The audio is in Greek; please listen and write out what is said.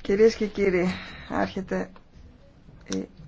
Κυρίες και κύριοι, άρχεται η